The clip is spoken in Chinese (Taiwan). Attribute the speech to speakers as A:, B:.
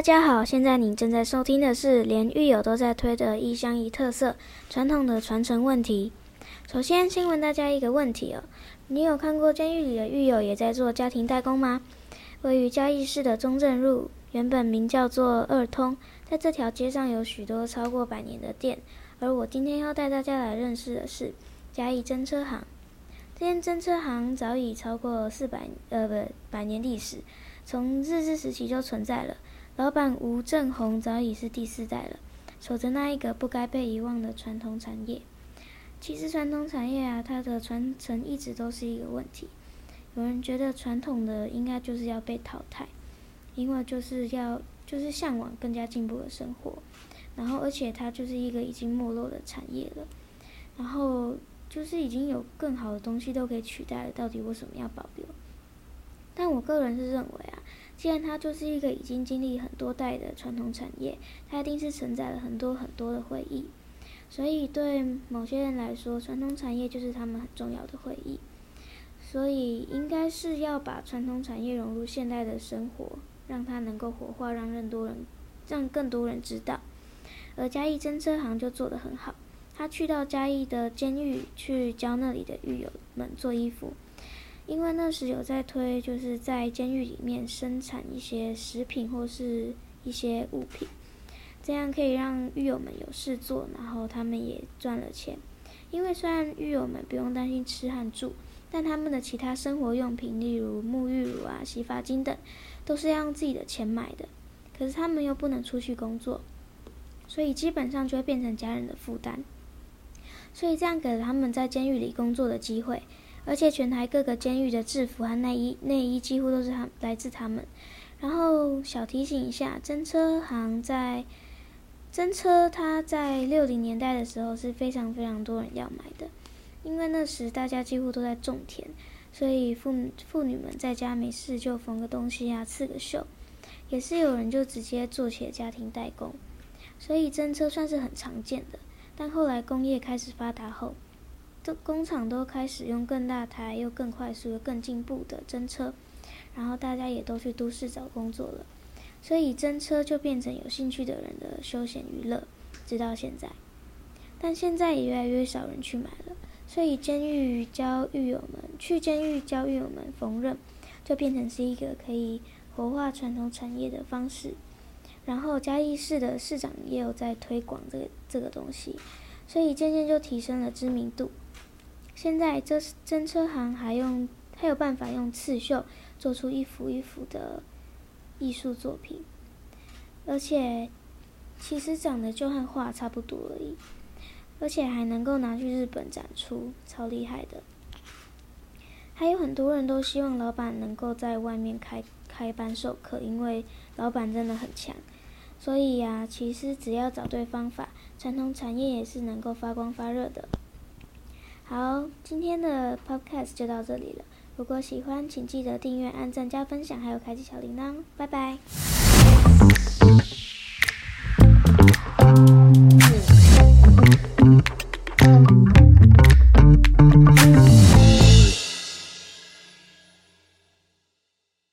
A: 大家好，現在你正在收聽的是《連獄友都在推的一鄉一特色傳統的傳承問題》。首先，先問大家一個問題哦：你有看過監獄裡的獄友也在做家庭代工嗎？位於嘉義市的中正路，原本名叫做二通，在這條街上有許多超過百年的店，而我今天要帶大家來認識的是嘉義針車行。這間針車行早已超過四百呃不百年歷史，從日治時期就存在了。老闆吳正紅早已是第四代了，守着那一個不該被遺忘的傳統產業。其實傳統產業啊，它的傳承一直都是一個問題。有人覺得傳統的應該就是要被淘汰，因為就是要就是向往更加進步的生活。然後而且它就是一個已經沒落的產業了，然後就是已經有更好的東西都可以取代了，到底為什麼要保留？但我個人是認為啊。既然它就是一個已經經歷很多代的傳統產業，它一定是承載了很多很多的回憶。所以對某些人來說，傳統產業就是他們很重要的回憶。所以應該是要把傳統產業融入現代的生活，讓它能夠活化，讓更多人，讓更多人知道。而嘉義針車行就做得很好，他去到嘉義的監獄去教那裡的獄友們做衣服。因為那時有在推，就是在監獄裡面生產一些食品或是一些物品，這樣可以讓獄友們有事做，然後他們也賺了錢。因為雖然獄友們不用擔心吃和住，但他們的其他生活用品，例如沐浴乳啊、洗髮精等，都是要用自己的錢買的。可是他們又不能出去工作，所以基本上就會變成家人的負擔。所以這樣給了他們在監獄裡工作的機會。而且全台各個監獄的製服和內衣、內衣幾乎都是他來自他們。然後小提醒一下，針車行在針車，它在六零年代的時候是非常非常多人要買的，因為那時大家幾乎都在種田，所以婦女，婦女們在家沒事就縫個東西啊、刺個繡，也是有人就直接做起了家庭代工，所以針車算是很常見的。但後來工業開始發達後，都工廠都開始用更大台又更快速又更進步的針車，然後大家也都去都市找工作了，所以針車就變成有興趣的人的休閒娛樂，直到現在。但現在也越來越少人去買了，所以監獄教獄友們去監獄教獄友們縫紉，就變成是一個可以活化傳統產業的方式。然後嘉義市的市長也有在推廣這個這個東西，所以漸漸就提升了知名度。現在這針車行還用，還有辦法用刺繡做出一幅一幅的藝術作品，而且其實長得就和畫差不多而已，而且還能夠拿去日本展出，超厲害的。還有很多人都希望老闆能夠在外面開開班授課，因為老闆真的很強。所以呀、啊，其實只要找對方法，傳統產業也是能夠發光發熱的。好，今天的 podcast 就到這裡了。如果喜歡，請記得訂閱、按讚、加分享，還有開啟小鈴鐺。拜拜。嗯